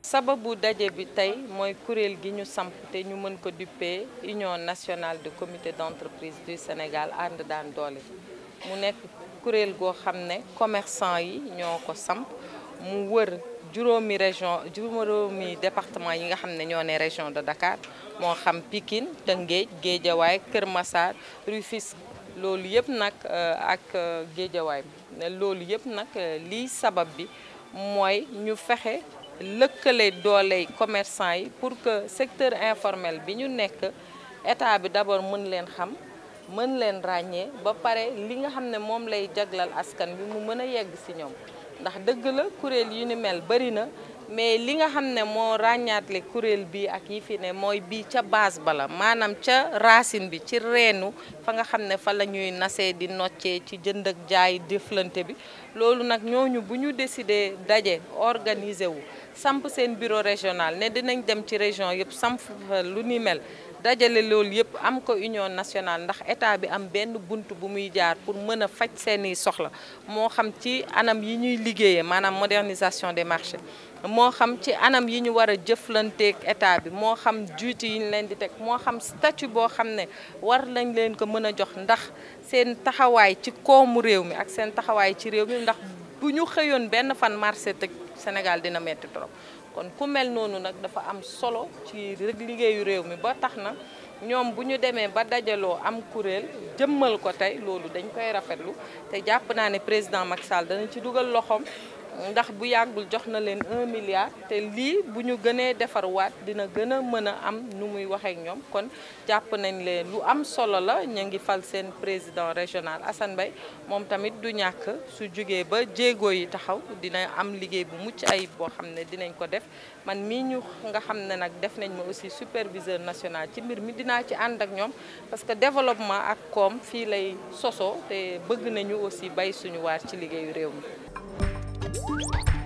sababu daje bi tey mooy kuréel gi ñu samp te ñu mën ko duppee Union nationale de comité d'entreprise du Sénégal ànd daan doole mu nekk kuréel goo xam ne commerçant yi ñoo ko samp mu wër juróomi région juróomi département yi nga xam ne ñoo ne région de Dakar moo xam pikin Tëngéej Géejawaay Kër Massar Rufisque loolu yëpp nag euh, ak euh, géejawaay loolu yëpp nag euh, lii sabab bi mooy ñu fexe lëkkale dooley commerçant yi pour que secteur informel bi ñu nekk état bi d'abord mën leen xam mën leen ràññee ba pare li nga xam ne moom lay jaglal askan bi mu mën a yegg ci ñoom ndax dëgg la kuréel yu ni mel bari na mais li nga xam ne moo ràññaatle kuréel bi ak yi fi ne mooy bii ca base la maanaam ca racine bi ci reenu fa nga xam ne fa la ñuy nasee di noccee ci jënd ak jaay jëflante bi loolu nag ñooñu bu ñu décidé daje organiser wu samp seen bureau régional ne dinañ dem ci région yëpp samp fa lu ni mel dajale loolu yëpp am ko union nationale ndax état bi am benn bunt bu muy jaar pour mën a faj seeni soxla moo xam ci anam yi ñuy liggéeyee maanaam modernisation des marchés moo xam ci anam yi ñu war a jëflanteeg état bi moo xam juuti yi ñu leen di teg moo xam statut boo xam ne war lañ leen ko mën a jox ndax seen taxawaay ci koomu réew mi ak seen taxawaay ci réew mi ndax bu ñu xëyoon benn fan marché tëj Sénégal dina metti trop kon ku mel noonu nag dafa am solo ci liggéeyu réew mi ba tax na ñoom bu ñu demee ba dajaloo am kuréel jëmmal ko tey loolu dañ koy rafetlu te jàpp naa ne président Macky Sall dana ci dugal loxoom ndax bu yàggul jox na leen un milliard te lii bu ñu gënee defarwaat dina gën a mën a am nu muy waxee ñoom kon jàpp nañ leen lu am solo la ñu ngi fal seen président régional assan Mbaye moom tamit du ñàkk su jugee ba jéego yi taxaw dina am liggéey bu mucc ayib boo xam ne dinañ ko def man mii ñu nga xam ne nag def nañ ma aussi superviseur national ci mbir mi dinaa ci ànd ak ñoom parce que développement ak koom fii lay sosoo te bëgg nañu aussi bay suñu waar ci liggéeyu réew mi Thank you.